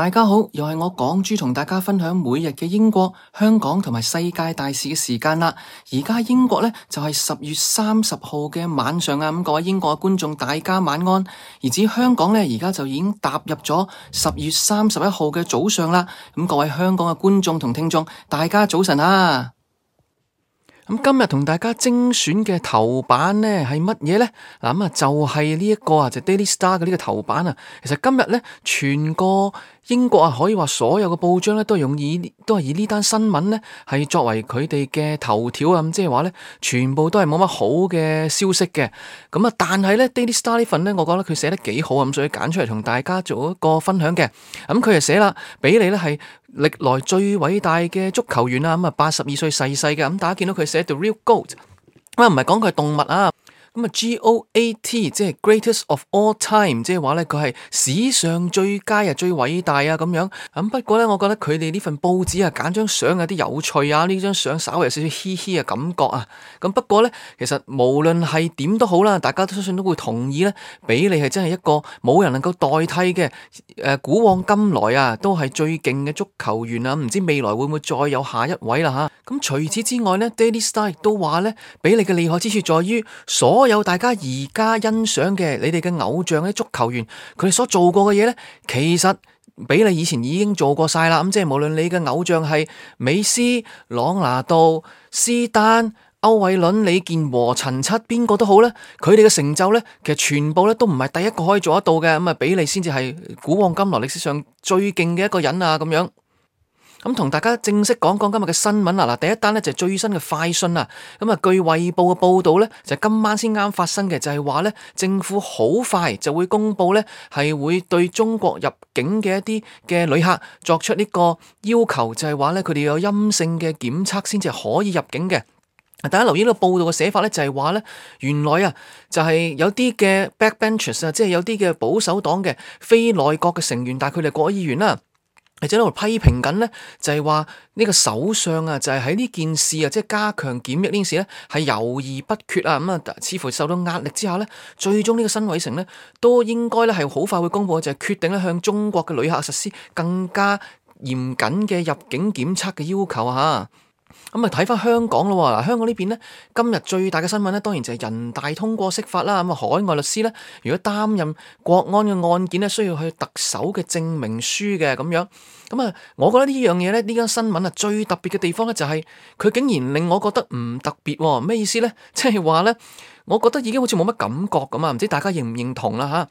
大家好，又係我港珠同大家分享每日嘅英國、香港同埋世界大事嘅時間啦。而家英國呢，就係、是、十二月三十號嘅晚上啊，咁各位英國嘅觀眾大家晚安。而至香港呢，而家就已經踏入咗十二月三十一號嘅早上啦。咁各位香港嘅觀眾同聽眾大家早晨啊。咁今日同大家精選嘅頭版呢係乜嘢呢？嗱咁啊就係呢一個啊就係 Daily Star 嘅呢個頭版啊。其實今日呢，全個。英國啊，可以話所有嘅報章咧都係用以都係以呢單新聞咧係作為佢哋嘅頭條啊，咁即係話咧，全部都係冇乜好嘅消息嘅。咁啊，但係咧《Daily Star》呢份咧，我覺得佢寫得幾好啊，咁所以揀出嚟同大家做一個分享嘅。咁、嗯、佢就寫啦，比利咧係歷來最偉大嘅足球員啊，咁啊八十二歲逝世嘅。咁、嗯、大家見到佢寫 The Real Goat，啊唔係講佢係動物啊。咁啊，G O A T 即係 Greatest of All Time，即係話咧，佢係史上最佳啊、最偉大啊咁樣。咁不過咧，我覺得佢哋呢份報紙啊，揀張相有啲有趣啊，呢張相稍微有少少嘻嘻啊感覺啊。咁不過咧，其實無論係點都好啦，大家都相信都會同意咧，比利係真係一個冇人能夠代替嘅。誒、呃，古往今來啊，都係最勁嘅足球員啊，唔知未來會唔會再有下一位啦、啊、吓。咁除此之外咧，Daily Star 都話咧，比利嘅厲害之處在於所有大家而家欣賞嘅你哋嘅偶像啲足球員，佢哋所做過嘅嘢呢，其實比利以前已經做過晒啦。咁即係無論你嘅偶像係美斯、朗拿度、斯丹、歐偉倫、李健和陳、陳七邊個都好呢，佢哋嘅成就呢，其實全部呢都唔係第一個可以做得到嘅。咁啊，比利先至係古往今來歷史上最勁嘅一個人啊，咁樣。咁同大家正式講講今日嘅新聞啦！嗱，第一單咧就係最新嘅快訊啊！咁啊，據《衛報》嘅報導咧，就係今晚先啱發生嘅，就係話咧，政府好快就會公布咧，係會對中國入境嘅一啲嘅旅客作出呢個要求，就係話咧，佢哋有陰性嘅檢測先至可以入境嘅。大家留意呢個報導嘅寫法咧，就係話咧，原來啊，就係有啲嘅 backbenchers 啊，即係有啲嘅保守黨嘅非內閣嘅成員，但係佢哋國議員啦。喺度批評緊咧，就係話呢個首相啊，就係喺呢件事啊，即係加強檢疫呢件事咧，係猶豫不決啊，咁啊，似乎受到壓力之下咧，最終呢個辛偉誠咧，都應該咧係好快會公布就係決定咧向中國嘅旅客實施更加嚴謹嘅入境檢測嘅要求吓。咁啊，睇翻香港咯，嗱，香港邊呢邊咧，今日最大嘅新聞咧，當然就係人大通過釋法啦。咁啊，海外律師咧，如果擔任國安嘅案件咧，需要去特首嘅證明書嘅咁樣。咁啊，我覺得呢樣嘢咧，聞呢間新聞啊，最特別嘅地方咧，就是，就係佢竟然令我覺得唔特別，哦。咩意思咧？即係話咧，我覺得已經好似冇乜感覺咁啊，唔知大家認唔認同啦吓。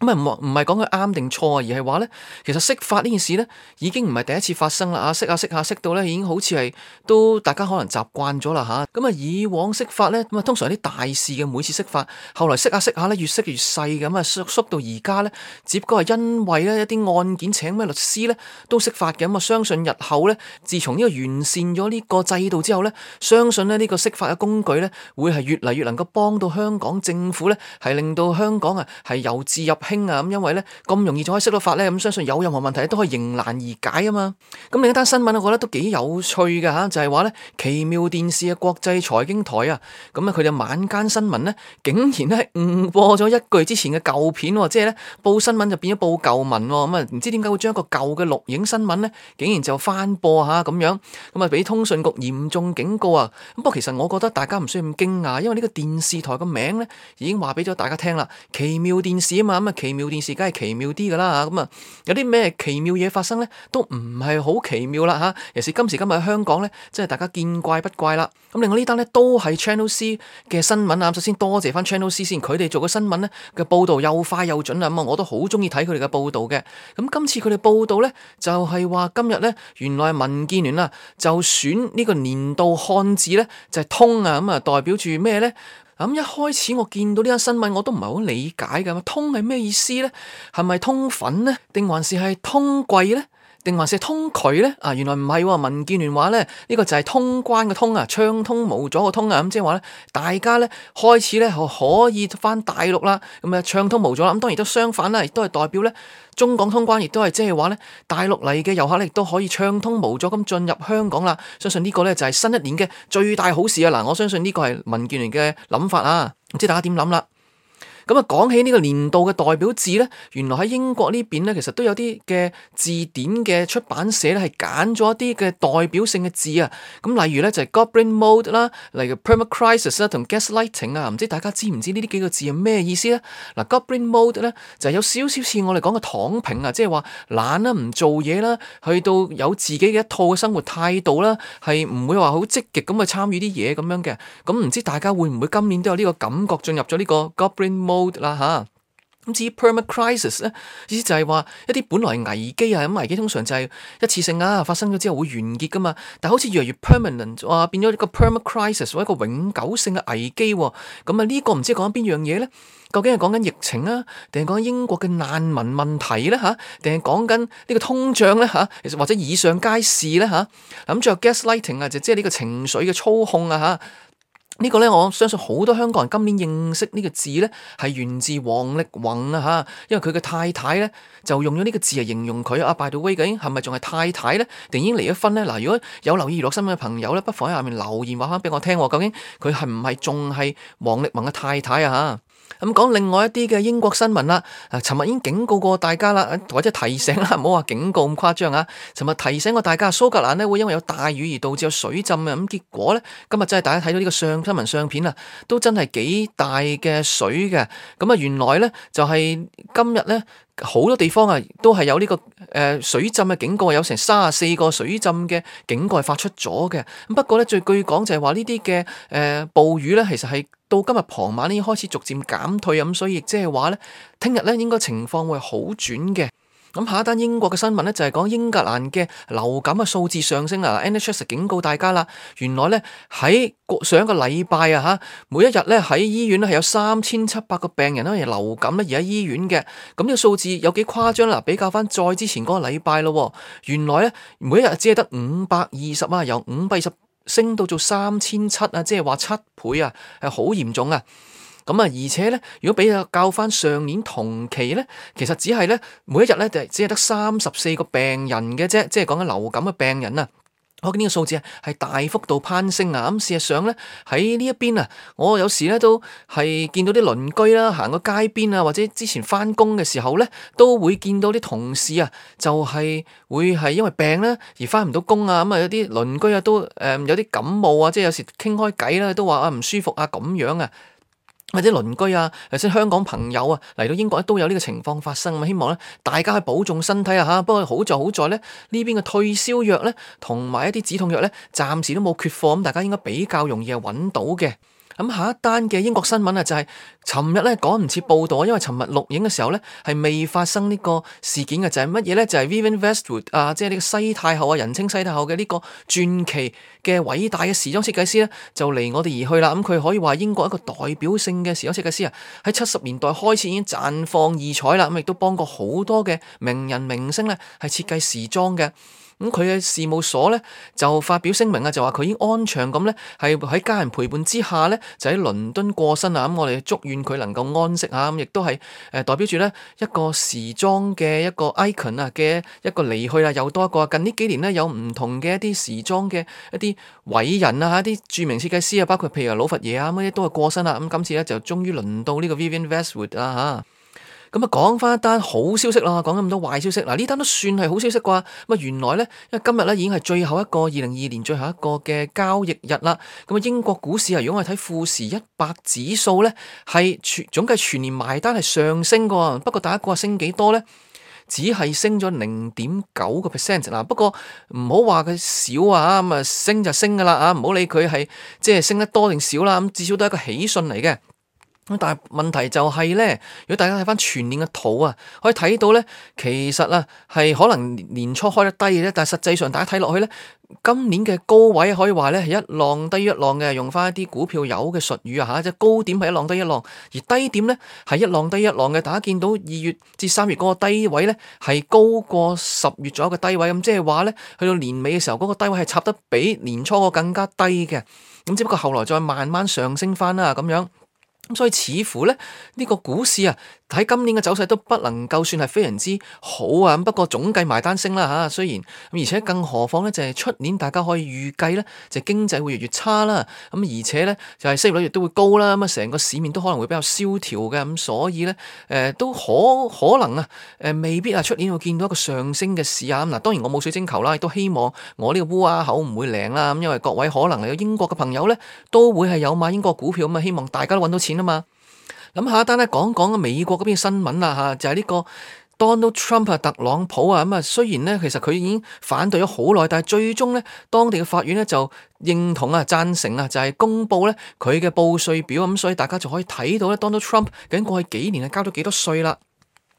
咁啊唔唔係講佢啱定錯啊，而係話呢，其實釋法呢件事呢已經唔係第一次發生啦。啊，釋下釋下釋到呢已經好似係都大家可能習慣咗啦吓。咁啊以往釋法呢，通常啲大事嘅，每次釋法，後來釋下、釋下呢越釋越細，咁啊縮到而家呢。只不過係因為呢一啲案件請咩律師呢都釋法嘅。咁啊相信日後呢，自從呢個完善咗呢個制度之後呢，相信呢呢個釋法嘅工具呢，會係越嚟越能夠幫到香港政府呢，係令到香港啊係有自入。興啊咁，因為呢，咁容易就可以識到法呢。咁相信有任何問題都可以迎難而解啊嘛。咁另一單新聞我覺得都幾有趣嘅吓，就係話呢奇妙電視啊，國際財經台啊，咁咧佢就晚間新聞呢，竟然咧誤播咗一句之前嘅舊片，即係呢報新聞就變咗報舊聞，咁啊唔知點解會將一個舊嘅錄影新聞呢，竟然就翻播吓咁樣，咁啊俾通訊局嚴重警告啊。咁不過其實我覺得大家唔需要咁驚訝，因為呢個電視台嘅名呢，已經話俾咗大家聽啦，奇妙電視啊嘛。奇妙電視梗係奇妙啲噶啦，咁啊有啲咩奇妙嘢發生呢？都唔係好奇妙啦吓。尤其是今時今日喺香港呢，即係大家見怪不怪啦。咁另外呢單呢，都係 Channel C 嘅新聞啊。首先多謝翻 Channel C 先，佢哋做嘅新聞呢，嘅報道又快又準啊。咁啊，我都好中意睇佢哋嘅報道嘅。咁今次佢哋報道呢，就係、是、話今日呢，原來民建聯啊就選呢個年度漢字呢，就係、是、通啊，咁啊代表住咩呢？咁一開始我見到呢單新聞，我都唔係好理解嘅，通係咩意思咧？係咪通粉咧？定還是係通貴咧？定還是通渠呢？啊，原來唔係喎，民建聯話呢，呢、呢個就係通關嘅通啊，暢通無阻嘅通啊，咁即係話呢，大家呢開始呢，可以翻大陸啦，咁啊暢通無阻啦。咁、嗯、當然都相反啦，亦都係代表呢，中港通關，亦都係即係話呢，大陸嚟嘅遊客呢，亦都可以暢通無阻咁進入香港啦。相信呢個呢，就係、是、新一年嘅最大好事啊！嗱，我相信呢個係民建聯嘅諗法啊，唔知大家點諗啦？咁啊，講起呢個年度嘅代表字咧，原來喺英國邊呢邊咧，其實都有啲嘅字典嘅出版社咧，係揀咗一啲嘅代表性嘅字啊。咁例如呢，就係、是、goblin mode 啦，例如 permacrisis 啦，同 gaslighting 啊，唔知大家知唔知呢啲幾個字係咩意思呢？嗱、啊、，goblin mode 呢，就係、是、有少少似我哋講嘅躺平啊，即係話懶啦，唔做嘢啦，去到有自己嘅一套嘅生活態度啦，係唔會話好積極咁去參與啲嘢咁樣嘅。咁、嗯、唔知大家會唔會今年都有呢個感覺進入咗呢個 goblin mode？啦吓，咁、啊、至於 perma crisis 咧，意思就係話一啲本來危機啊，咁危機通常就係一次性啊，發生咗之後會完結噶嘛。但好似越嚟越 permanent，哇、啊，變咗一個 perma crisis，一個永久性嘅危機。咁啊，啊啊這個、呢個唔知講緊邊樣嘢咧？究竟係講緊疫情啊，定係講緊英國嘅難民問題咧吓？定係講緊呢個通脹咧吓？或者以上皆是咧吓？咁、啊啊啊、最後 gaslighting 啊，就即係呢個情緒嘅操控啊吓。啊呢個咧，我相信好多香港人今年認識呢個字咧，係源自王力宏啊嚇，因為佢嘅太太咧就用咗呢個字嚟形容佢。阿 by the way，究竟係咪仲係太太咧，定已經離咗婚咧？嗱，如果有留意娛樂新聞嘅朋友咧，不妨喺下面留言話翻俾我聽喎。究竟佢係唔係仲係王力宏嘅太太啊嚇？咁講另外一啲嘅英國新聞啦，啊，尋日已經警告過大家啦，或者提醒啦，唔好話警告咁誇張啊。尋日提醒過大家，蘇格蘭呢會因為有大雨而導致有水浸嘅，咁結果呢，今日真係大家睇到呢個相新聞相片啦，都真係幾大嘅水嘅。咁啊，原來呢，就係、是、今日呢，好多地方啊都係有呢個誒水浸嘅警告，有成卅四個水浸嘅警告發出咗嘅。咁不過呢，最據講就係話呢啲嘅誒暴雨呢，其實係。到今日傍晚呢，已經開始逐漸減退咁，所以即係話呢，聽日呢應該情況會好轉嘅。咁下一單英國嘅新聞呢，就係講英格蘭嘅流感嘅數字上升啊！NHS 警告大家啦，原來呢喺上一個禮拜啊吓，每一日呢喺醫院呢係有三千七百個病人呢，係流感呢而喺醫院嘅。咁呢個數字有幾誇張啦？比較翻再之前嗰個禮拜咯，原來呢每一日只係得五百二十啊，有五百二十。升到做三千七啊！即係話七倍啊，係好嚴重啊！咁啊，而且咧，如果比較翻上年同期咧，其實只係咧，每一日咧就只係得三十四個病人嘅啫，即係講緊流感嘅病人啊。可見呢個數字啊，係大幅度攀升啊！咁事實上咧，喺呢一邊啊，我有時咧都係見到啲鄰居啦、啊，行過街邊啊，或者之前翻工嘅時候咧，都會見到啲同事啊，就係、是、會係因為病啦、啊、而翻唔到工啊！咁、嗯、啊，有啲鄰居啊都誒、呃、有啲感冒啊，即係有時傾開偈啦，都話啊唔舒服啊咁樣啊。或者鄰居啊，或者香港朋友啊嚟到英國都有呢個情況發生，咁希望咧大家去保重身體啊嚇。不過好在好在咧，呢邊嘅退燒藥咧同埋一啲止痛藥咧，暫時都冇缺貨，咁大家應該比較容易揾到嘅。咁下一單嘅英國新聞啊、就是，就係尋日咧趕唔切報道，因為尋日錄影嘅時候咧係未發生呢個事件嘅，就係乜嘢咧？就係、是、Vivienne Westwood 啊，即係呢個西太后啊，人稱西太后嘅呢個傳奇嘅偉大嘅時裝設計師咧，就離我哋而去啦。咁、嗯、佢可以話英國一個代表性嘅時裝設計師啊，喺七十年代開始已經綻放異彩啦，咁亦都幫過好多嘅名人明星咧係設計時裝嘅。咁佢嘅事務所咧就發表聲明啊，就話佢已經安詳咁咧，係喺家人陪伴之下咧，就喺倫敦過身啦。咁、嗯、我哋祝願佢能夠安息啊。咁、嗯、亦都係誒、呃、代表住咧一個時裝嘅一個 icon 啊嘅一個離去啦，又多一個。近呢幾年咧有唔同嘅一啲時裝嘅一啲偉人啊，一啲著名設計師啊，包括譬如啊老佛爺啊，乜、嗯、嘢都係過身啦。咁、嗯、今次咧就終於輪到呢個 Vivienne Westwood 啊。咁啊，講翻一單好消息啦，講咁多壞消息，嗱，呢單都算係好消息啩？咁啊，原來咧，因為今日咧已經係最後一個二零二二年最後一個嘅交易日啦。咁啊，英國股市啊，如果我哋睇富時一百指數咧，係全總計全年埋單係上升嘅。不過大家估下升幾多咧？只係升咗零點九個 percent 啦。不過唔好話佢少啊，咁啊升就升噶啦，啊唔好理佢係即係升得多定少啦。咁至少都係一個喜訊嚟嘅。咁但係問題就係、是、咧，如果大家睇翻全年嘅圖啊，可以睇到咧，其實啊係可能年初開得低嘅，啫。但係實際上大家睇落去咧，今年嘅高位可以話咧係一浪低一浪嘅，用翻一啲股票友嘅術語啊吓，即係高點係一浪低一浪，而低點咧係一浪低一浪嘅。大家見到二月至三月嗰、那個低位咧係高過十月左右嘅低位，咁即係話咧去到年尾嘅時候，嗰個低位係插得比年初個更加低嘅。咁只不過後來再慢慢上升翻啦，咁樣。咁所以似乎咧，呢個股市啊～喺今年嘅走勢都不能夠算係非常之好啊！不過總計埋單升啦嚇，雖然而且更何況咧就係、是、出年大家可以預計咧就是、經濟會越嚟越差啦，咁而且咧就係、是、失業率亦都會高啦，咁啊成個市面都可能會比較蕭條嘅，咁所以咧誒、呃、都可可能啊誒、呃、未必啊出年會見到一個上升嘅市啊！咁嗱，當然我冇水晶球啦，亦都希望我呢個烏鴉口唔會靈啦，咁因為各位可能有英國嘅朋友咧都會係有買英國股票，咁啊希望大家都揾到錢啊嘛！咁下一單咧，講講美國嗰邊嘅新聞啦吓，就係、是、呢個 Donald Trump 啊，特朗普啊，咁啊，雖然咧其實佢已經反對咗好耐，但係最終咧當地嘅法院咧就認同啊、贊成啊，就係、是、公布咧佢嘅報稅表咁、啊，所以大家就可以睇到咧 Donald Trump 究竟過去幾年啊交咗幾多稅啦。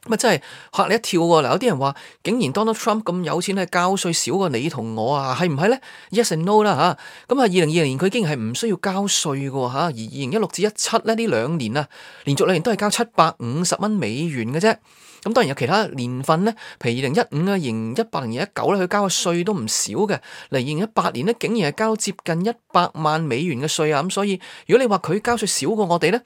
咪真係嚇你一跳喎！嗱，有啲人話，竟然 Donald Trump 咁有錢，係交稅少過你同我啊，係唔係咧？Yes and no 啦嚇。咁啊，二零二零年佢已經係唔需要交稅嘅喎嚇，而二零一六至一七咧呢兩年啊，連續兩年都係交七百五十蚊美元嘅啫。咁當然有其他年份咧，譬如二零一五啊，二零一八、二零一九，佢交嘅稅都唔少嘅。嚟二零一八年咧，竟然係交接近一百萬美元嘅稅啊！咁所以如果你話佢交稅少過我哋咧，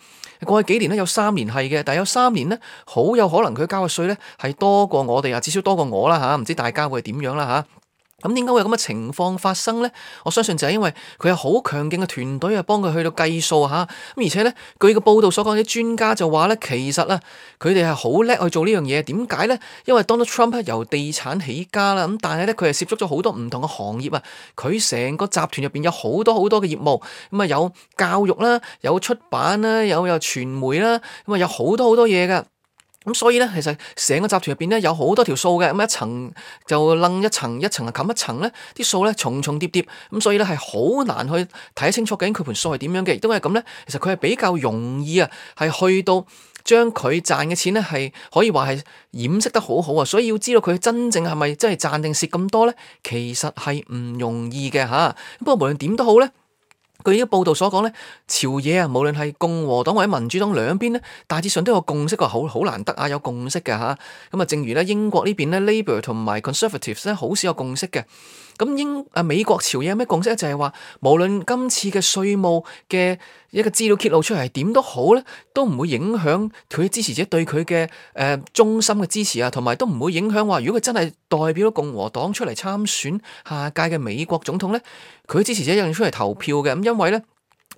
過去幾年咧有三年係嘅，但係有三年咧好有可能佢交嘅稅咧係多過我哋啊，至少多過我啦嚇，唔知大家會點樣啦嚇。咁點解會有咁嘅情況發生呢？我相信就係因為佢有好強勁嘅團隊啊，幫佢去到計數嚇。咁而且呢，據個報道所講，啲專家就話呢，其實呢，佢哋係好叻去做呢樣嘢。點解呢？因為 Donald Trump 由地產起家啦，咁但係呢，佢係涉足咗好多唔同嘅行業啊。佢成個集團入邊有好多好多嘅業務，咁、嗯、啊有教育啦，有出版啦，有有傳媒啦，咁、嗯、啊有好多好多嘢噶。咁所以咧，其實成個集團入邊咧有好多條數嘅，咁一層就楞一層，一層啊冚一層咧，啲數咧重重疊疊，咁所以咧係好難去睇清楚究竟佢盤數係點樣嘅，亦都係咁咧。其實佢係比較容易啊，係去到將佢賺嘅錢咧係可以話係掩飾得好好啊，所以要知道佢真正係咪真係賺定蝕咁多咧，其實係唔容易嘅嚇。不過無論點都好咧。據啲報道所講咧，朝野啊，無論係共和黨或者民主黨兩邊咧，大致上都有共識，個好好難得啊，有共識嘅嚇。咁啊，正如咧英國呢邊咧，Labour 同埋 Conservatives 係好少有共識嘅。咁英啊美國朝野有咩共識咧？就係話無論今次嘅稅務嘅一個資料揭露出嚟係點都好咧，都唔會影響佢支持者對佢嘅誒忠心嘅支持啊，同埋都唔會影響話如果佢真係代表咗共和黨出嚟參選下屆嘅美國總統咧，佢支持者仍然出嚟投票嘅。咁因為咧。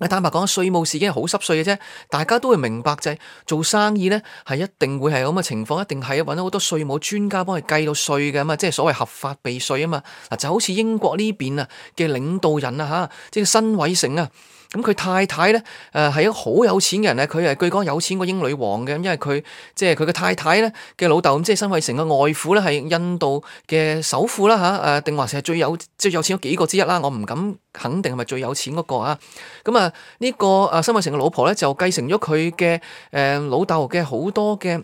坦白講，稅務事件係好濕碎嘅啫，大家都會明白就係、是、做生意咧，係一定會係咁嘅情況，一定係揾咗好多稅務專家幫佢計到稅嘅嘛，即係所謂合法避稅啊嘛。嗱，就好似英國呢邊啊嘅領導人啊，嚇，即係辛偉誠啊。咁佢太太咧，誒、呃、係一個好有錢嘅人咧，佢誒據講有錢過英女王嘅，因為佢即係佢嘅太太咧嘅老豆，即係辛偉成嘅外父咧，係印度嘅首富啦嚇，誒定話成係最有即係有錢嗰幾個之一啦，我唔敢肯定係咪最有錢嗰個啊。咁啊，呢、這個阿辛偉成嘅老婆咧就繼承咗佢嘅誒老豆嘅好多嘅。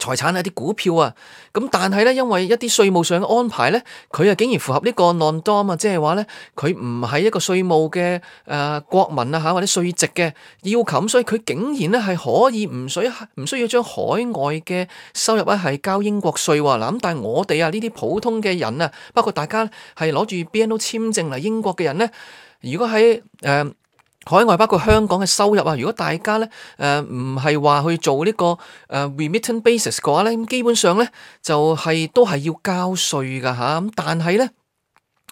財產啊，啲股票啊，咁但係咧，因為一啲稅務上嘅安排咧，佢啊竟然符合呢個 non-dom 啊，即係話咧，佢唔係一個稅務嘅誒國民啊嚇，或者稅籍嘅要求，所以佢竟然咧係可以唔需唔需要將海外嘅收入咧係交英國稅喎嗱，咁但係我哋啊呢啲普通嘅人啊，包括大家係攞住 BNO 簽證嚟英國嘅人咧，如果喺誒。呃海外包括香港嘅收入啊，如果大家咧誒唔係話去做，這個呃、話呢個誒 remittance basis 嘅話咧，基本上咧就係、是、都係要交稅噶嚇。咁但係咧，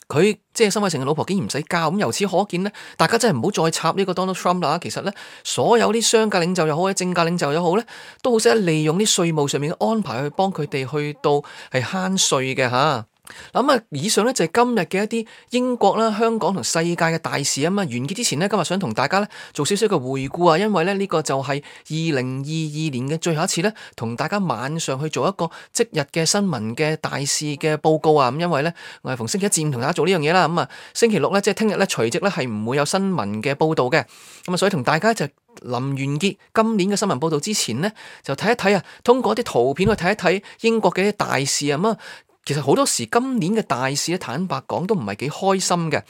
佢即係辛偉誠嘅老婆竟然唔使交，咁由此可見咧，大家真係唔好再插呢個 Donald Trump 啦。其實咧，所有啲商界領袖又好，或者政界領袖又好咧，都好識利用啲稅務上面嘅安排去幫佢哋去到係慳稅嘅嚇。咁啊，以上咧就係今日嘅一啲英國啦、香港同世界嘅大事啊。咁啊，完結之前咧，今日想同大家咧做少少嘅回顧啊。因為咧呢個就係二零二二年嘅最後一次咧，同大家晚上去做一個即日嘅新聞嘅大事嘅報告啊。咁因為咧，我係逢星期一至五同大家做呢樣嘢啦。咁啊，星期六咧即係聽日咧，隨即咧係唔會有新聞嘅報道嘅。咁啊，所以同大家就臨完結今年嘅新聞報道之前咧，就睇一睇啊，通過啲圖片去睇一睇英國嘅一啲大事啊。咁啊。其實好多時今年嘅大事咧，坦白講都唔係幾開心嘅，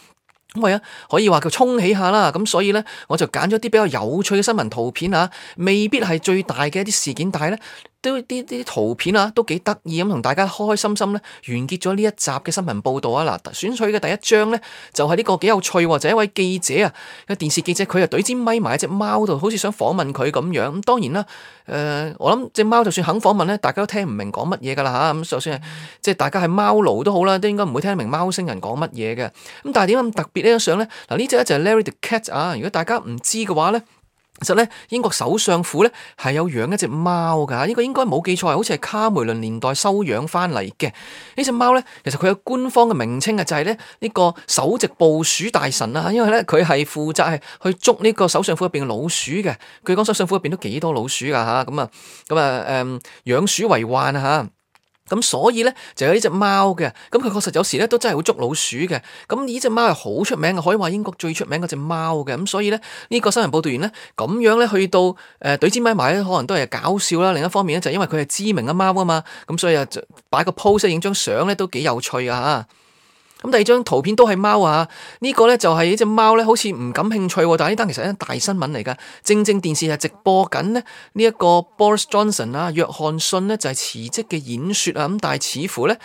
因為啊可以話叫沖起下啦，咁所以咧我就揀咗啲比較有趣嘅新聞圖片啊，未必係最大嘅一啲事件，但係咧。都啲啲圖片啊，都幾得意咁，同大家開開心心咧，完結咗呢一集嘅新聞報導啊！嗱，選取嘅第一張咧，就係、是、呢個幾有趣喎、啊，就係、是、一位記者啊，個電視記者，佢啊懟支咪埋喺隻貓度，好似想訪問佢咁樣。咁當然啦、啊，誒、呃，我諗隻貓就算肯訪問咧，大家都聽唔明講乜嘢噶啦嚇。咁、啊、就算係即係大家係貓奴都好啦，都應該唔會聽得明貓星人講乜嘢嘅。咁但係點解咁特別呢張相咧？嗱，呢隻咧就係 Larry the Cat 啊！如果大家唔知嘅話咧。其實咧，英國首相府咧係有養一隻貓㗎，呢個應該冇記錯，好似係卡梅倫年代收養翻嚟嘅呢隻貓咧。其實佢有官方嘅名稱嘅，就係咧呢個首席捕鼠大臣啦。因為咧佢係負責係去捉呢個首相府入邊嘅老鼠嘅。據講首相府入邊都幾多老鼠㗎嚇，咁啊咁啊誒，養、嗯、鼠為患啊嚇。咁所以咧就有呢隻貓嘅，咁佢確實有時咧都真係會捉老鼠嘅。咁呢隻貓係好出名嘅，可以話英國最出名嗰隻貓嘅。咁所以咧呢個新聞報道員咧咁樣咧去到誒對支咪埋咧，可能都係搞笑啦。另一方面咧就因為佢係知名嘅貓啊嘛，咁所以啊擺個 pose 影張相咧都幾有趣啊嚇。咁第二張圖片都係貓啊！呢個呢就係一隻貓呢，好似唔感興趣喎。但係呢單其實係一單大新聞嚟㗎，正正電視係直播緊呢。呢一個 Boris Johnson 啊，約翰遜呢就係辭職嘅演說啊。咁但係似乎呢，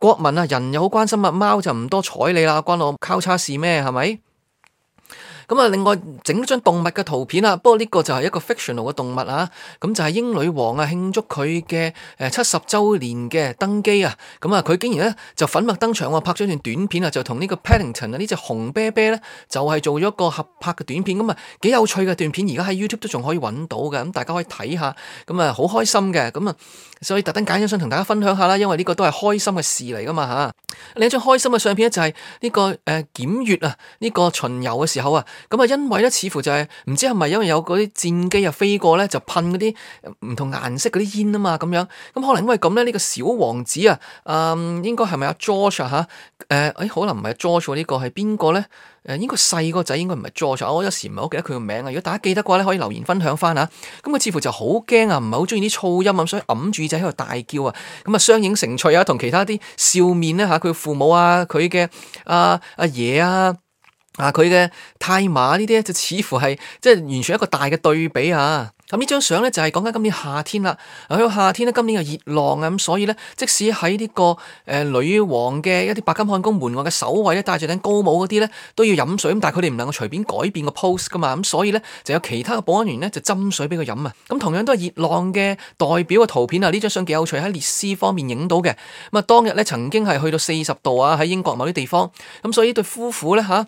國民啊，人又好關心啊，貓就唔多睬你啦，關我交叉事咩？係咪？咁啊，另外整張動物嘅圖片啊，不過呢個就係一個 fictional 嘅動物啊，咁就係英女王啊，慶祝佢嘅誒七十週年嘅登基啊，咁、嗯、啊，佢竟然咧就粉墨登場喎，拍咗段短片啊，就同呢個 Paddington 啊呢隻紅啤啤咧就係、是、做咗一個合拍嘅短片，咁啊幾有趣嘅短片，而家喺 YouTube 都仲可以揾到嘅，咁、嗯、大家可以睇下，咁啊好開心嘅，咁、嗯、啊所以特登揀咗想同大家分享下啦，因為呢個都係開心嘅事嚟噶嘛嚇。啊。另一張開心嘅相片就係呢、這個誒檢閱啊，呢、這個巡遊嘅時候啊，咁啊，因為咧似乎就係、是、唔知係咪因為有嗰啲戰機啊飛過咧，就噴嗰啲唔同顏色嗰啲煙啊嘛，咁樣，咁可能因為咁咧，呢、這個小王子啊，嗯，應該係咪阿 George 吓、啊？誒、啊，誒，可能唔係 George、啊這個、呢個係邊個咧？誒，應該細個仔應該唔係助才，我有時唔係好記得佢個名啊。如果大家記得嘅話咧，可以留言分享翻吓。咁佢似乎就好驚啊，唔係好中意啲噪音咁，所以揞住耳仔喺度大叫啊。咁啊，相映成趣啊，同其他啲笑面咧吓，佢父母啊，佢嘅阿阿爺啊，啊佢嘅、啊、太嫲呢啲咧，就似乎係即係完全一個大嘅對比啊。咁呢張相咧就係講緊今年夏天啦。去到夏天咧，今年又熱浪啊，咁所以咧，即使喺呢個誒女王嘅一啲白金漢宮門外嘅守衞咧，戴住頂高帽嗰啲咧，都要飲水，但係佢哋唔能夠隨便改變個 pose 噶嘛。咁所以咧，就有其他嘅保安員咧就斟水俾佢飲啊。咁同樣都係熱浪嘅代表嘅圖片啊。呢張相幾有趣，喺列斯方面影到嘅。咁啊，當日咧曾經係去到四十度啊，喺英國某啲地方。咁所以對夫婦咧吓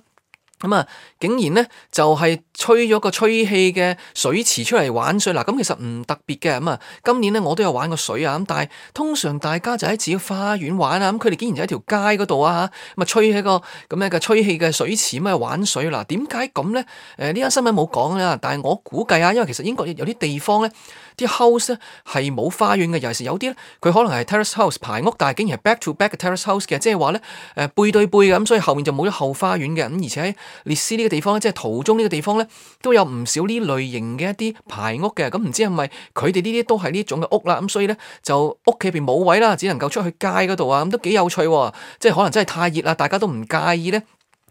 咁啊，竟然咧就係、是。吹咗個吹氣嘅水池出嚟玩水嗱，咁其實唔特別嘅咁啊。今年咧我都有玩過水啊，咁但係通常大家就喺自己花園玩啊，咁佢哋竟然就喺條街嗰度啊嚇，咁啊吹起個咁樣嘅吹氣嘅水池咁啊玩水嗱。點解咁咧？誒呢間新聞冇講啦，但係我估計啊，因為其實英國有啲地方咧，啲 house 咧係冇花園嘅，尤其是有啲咧佢可能係 terrace house 排屋，但係竟然係 back to back terrace house 嘅，即係話咧誒背對背咁，所以後面就冇咗後花園嘅咁。而且喺列斯呢個地方咧，即係途中呢個地方咧。都有唔少呢類型嘅一啲排屋嘅，咁唔知係咪佢哋呢啲都係呢種嘅屋啦？咁所以咧就屋企入邊冇位啦，只能夠出去街嗰度啊，咁都幾有趣啊，即係可能真係太熱啦，大家都唔介意咧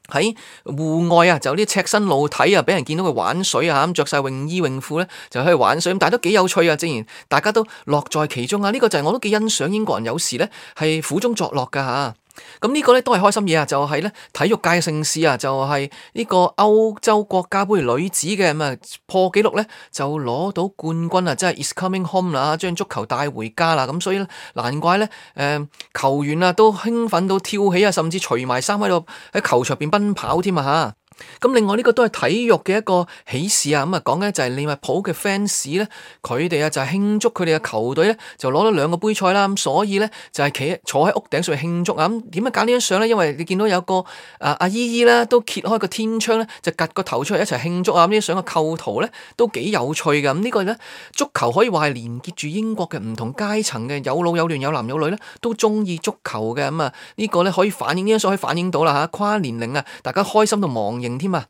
喺戶外啊，就啲赤身露體啊，俾人見到佢玩水啊，咁着晒泳衣泳褲咧就去玩水，咁但係都幾有趣啊，竟然大家都樂在其中啊！呢個就係我都幾欣賞英國人有時咧係苦中作樂噶。啊咁呢個咧都係開心嘢啊！就係、是、咧體育界嘅盛事啊，就係、是、呢個歐洲國家杯女子嘅咁啊破紀錄咧就攞到冠軍啊，即係 It's Coming Home 啦，將足球帶回家啦，咁所以咧難怪咧誒、呃、球員啊都興奮到跳起啊，甚至除埋衫喺度喺球場邊奔跑添啊吓。咁另外呢、這個都係體育嘅一個喜事啊，咁啊講嘅就係利物浦嘅 fans 咧，佢哋啊就係慶祝佢哋嘅球隊咧就攞咗兩個杯賽啦，咁所以咧就係企坐喺屋頂上慶祝啊，咁點解揀呢張相咧？因為你見到有個啊阿姨姨咧都揭開個天窗咧，就趷個頭出嚟一齊慶祝啊，咁呢張相嘅構圖咧都幾有趣㗎，咁、這個、呢個咧足球可以話係連結住英國嘅唔同階層嘅，有老有嫩有男有女咧都中意足球嘅，咁、這、啊、個、呢個咧可以反映呢張相可以反映到啦吓，跨年齡啊，大家開心到忘。型添啊！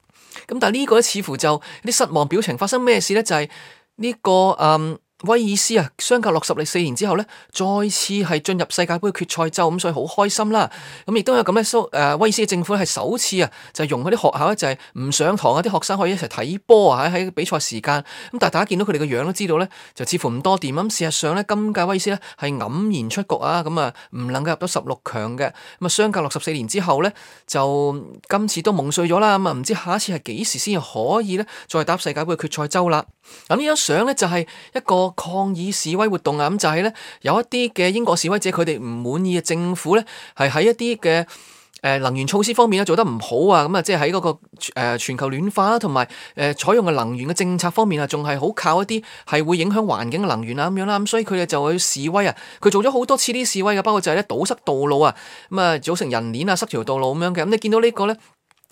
咁但係呢個咧，似乎就啲失望表情。發生咩事咧？就係呢個嗯。威爾斯啊，相隔六十四年之後咧，再次係進入世界盃嘅決賽周，咁所以好開心啦。咁亦都有咁嘅蘇誒威爾斯嘅政府咧係首次啊，就容許啲學校咧就係唔上堂啊，啲學生可以一齊睇波啊，喺比賽時間。咁但大家見到佢哋個樣都知道咧，就似乎唔多掂。咁事實上咧，今屆威斯咧係黯然出局啊，咁啊唔能夠入到十六強嘅。咁啊，相隔六十四年之後咧，就今次都夢碎咗啦。咁啊，唔知下一次係幾時先可以咧再打世界盃嘅決賽周啦。咁呢張相咧就係一個。抗議示威活動啊，咁就係咧有一啲嘅英國示威者佢哋唔滿意嘅政府咧，係喺一啲嘅誒能源措施方面咧做得唔好啊，咁啊即係喺嗰個全球暖化啦，同埋誒採用嘅能源嘅政策方面啊，仲係好靠一啲係會影響環境嘅能源啊咁樣啦，咁所以佢哋就會示威啊，佢做咗好多次啲示威嘅，包括就係咧堵塞道路啊，咁啊組成人鏈啊，塞條道路咁樣嘅，咁你見到呢個咧？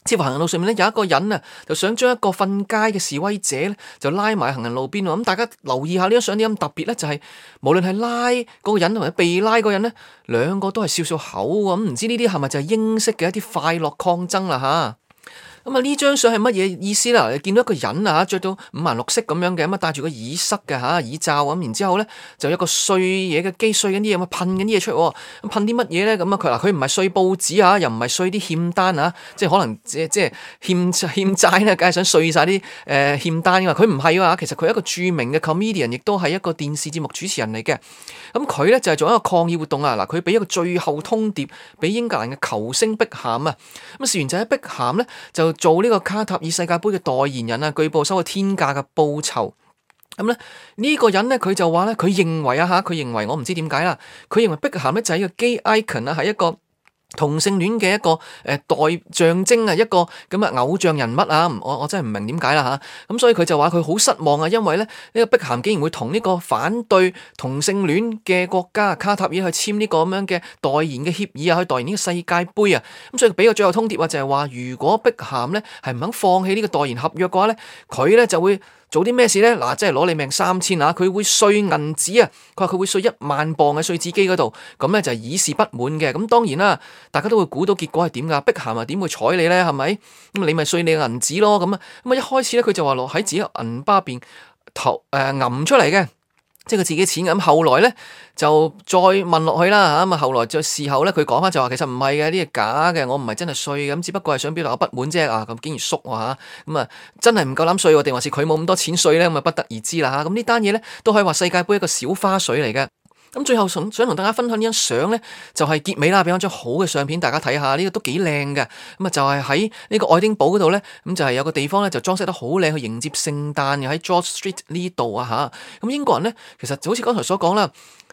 喺行人路上面咧有一個人啊，就想將一個瞓街嘅示威者咧就拉埋行人路邊喎。咁大家留意下呢張相點解咁特別咧？就係、係、無論係拉嗰個人或者被拉嗰人咧，兩個都係笑笑口喎。咁唔知呢啲係咪就係英式嘅一啲快樂抗爭啦？嚇！咁啊！呢張相係乜嘢意思啦？你見到一個人啊，著到五顏六色咁樣嘅，咁啊戴住個耳塞嘅嚇耳罩咁，然之後咧就有一個碎嘢嘅機碎緊啲嘢，咁噴緊啲嘢出嚟、哦，噴啲乜嘢咧？咁啊佢嗱佢唔係碎報紙嚇，又唔係碎啲欠單嚇，即係可能即係欠欠債咧，梗係想碎晒啲誒欠單㗎佢唔係㗎嘛？其實佢係一個著名嘅 comedian，亦都係一個電視節目主持人嚟嘅。咁佢咧就係、是、做一個抗議活動啊！嗱，佢俾一個最後通牒俾英格蘭嘅球星碧咸啊！咁事完就喺碧咸咧就。做呢個卡塔爾世界盃嘅代言人啊，據報收個天價嘅報酬。咁咧呢個人咧，佢就話咧，佢認為啊吓，佢認為我唔知點解啦，佢認為碧咸咧就係一個 gay icon 啊，係一個。同性戀嘅一個誒、呃、代象徵啊，一個咁嘅偶像人物啊，我我真係唔明點解啦嚇，咁、啊嗯、所以佢就話佢好失望啊，因為咧呢、呢個碧咸竟然會同呢個反對同性戀嘅國家卡塔爾去簽呢個咁樣嘅代言嘅協議啊，去代言呢個世界盃啊，咁、嗯、所以俾個最後通牒話、啊、就係話，如果碧咸咧係唔肯放棄呢個代言合約嘅話咧，佢咧就會。做啲咩事咧？嗱、啊，即係攞你命三千啊！佢會碎銀紙啊！佢話佢會碎一萬磅喺碎紙機嗰度，咁咧就是、以示不滿嘅。咁當然啦、啊，大家都會估到結果係點噶？碧咸啊，點會睬你咧？係咪？咁你咪碎你嘅銀紙咯？咁、嗯、啊，咁、嗯、啊，一開始咧佢就話落喺自己銀包邊頭誒揞出嚟嘅。即係佢自己錢，咁後來咧就再問落去啦，吓，咁啊後來再事後咧佢講翻，就話，其實唔係嘅，呢個假嘅，我唔係真係稅嘅，咁只不過係想表達我不滿啫，啊咁竟然縮我吓，咁啊真係唔夠膽稅我哋，定還是佢冇咁多錢稅咧，咁啊不得而知啦吓，咁啊，呢單嘢咧都可以話世界盃一個小花絮嚟嘅。咁最後想同大家分享呢張相咧，就係、是、結尾啦，俾張好嘅相片大家睇下，呢、這個都幾靚嘅。咁啊，就係喺呢個愛丁堡嗰度咧，咁就係、是、有個地方咧就裝飾得好靚，去迎接聖誕，喺 George Street 呢度啊吓，咁英國人咧，其實就好似剛才所講啦。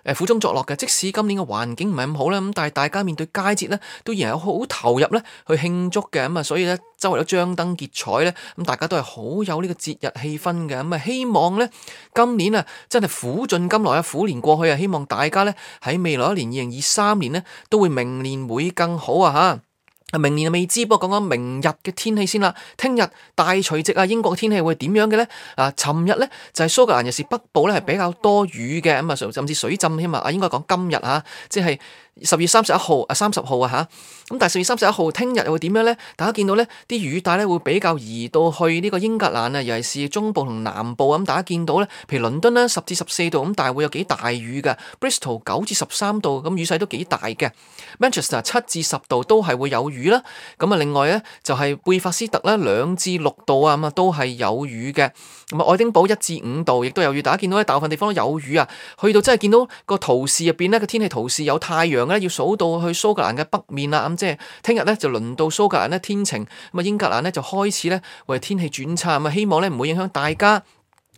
誒，苦中作樂嘅，即使今年嘅環境唔係咁好啦，咁但係大家面對佳節咧，都仍然有好投入咧去慶祝嘅，咁啊，所以咧周圍都張燈結彩咧，咁大家都係好有呢個節日氣氛嘅，咁啊，希望咧今年啊真係苦盡甘來啊，苦年過去啊，希望大家咧喺未來一年、二零二三年咧都會明年會更好啊嚇！明年未知，不過講講明日嘅天氣先啦。聽日大除夕啊，英國嘅天氣會點樣嘅咧？啊，尋日咧就係、是、蘇格蘭尤其是北部咧係比較多雨嘅，咁啊甚甚至水浸添啊，應該講今日吓、啊，即係。十二月三十一號啊，三十號啊嚇，咁但係十二月三十一號聽日又會點樣咧？大家見到咧，啲雨帶咧會比較移到去呢個英格蘭啊，尤其是中部同南部咁。大家見到咧，譬如倫敦啦，十至十四度咁，但係會有幾大雨嘅；Bristol 九至十三度咁，雨勢都幾大嘅；Manchester 七至十度都係會有雨啦。咁啊，另外咧就係、是、貝法斯特啦，兩至六度啊咁啊都係有雨嘅。咁啊，愛丁堡一至五度亦都有雨。大家見到咧大部分地方都有雨啊，去到真係見到個圖示入邊咧個天氣圖示有太陽。咁咧要數到去蘇格蘭嘅北面啦，咁即係聽日咧就輪到蘇格蘭咧天晴，咁啊英格蘭咧就開始咧為天氣轉差，咁啊希望咧唔會影響大家。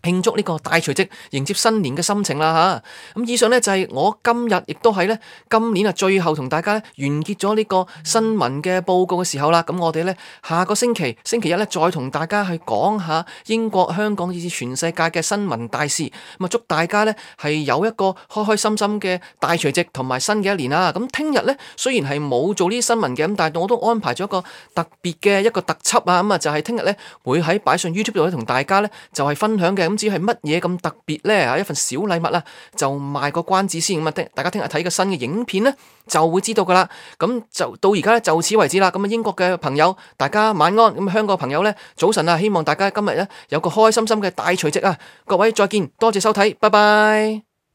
慶祝呢個大除夕，迎接新年嘅心情啦嚇！咁以上呢，就係我今日亦都係呢今年啊最後同大家完結咗呢個新聞嘅報告嘅時候啦。咁我哋呢，下個星期星期一呢，再同大家去講下英國、香港以至全世界嘅新聞大事。咁祝大家呢，係有一個開開心心嘅大除夕同埋新嘅一年啦。咁聽日呢，雖然係冇做呢啲新聞嘅，咁但係我都安排咗一個特別嘅一個特輯啊！咁啊就係聽日呢，會喺擺上 YouTube 度同大家呢，就係分享嘅。唔知係乜嘢咁特別呢？嚇一份小禮物啦，就賣個關子先咁啊！聽大家聽日睇個新嘅影片呢，就會知道噶啦。咁就到而家咧，就此為止啦。咁啊，英國嘅朋友，大家晚安。咁香港嘅朋友呢，早晨啊！希望大家今日呢，有個開開心心嘅大除夕啊！各位再見，多謝收睇，拜拜。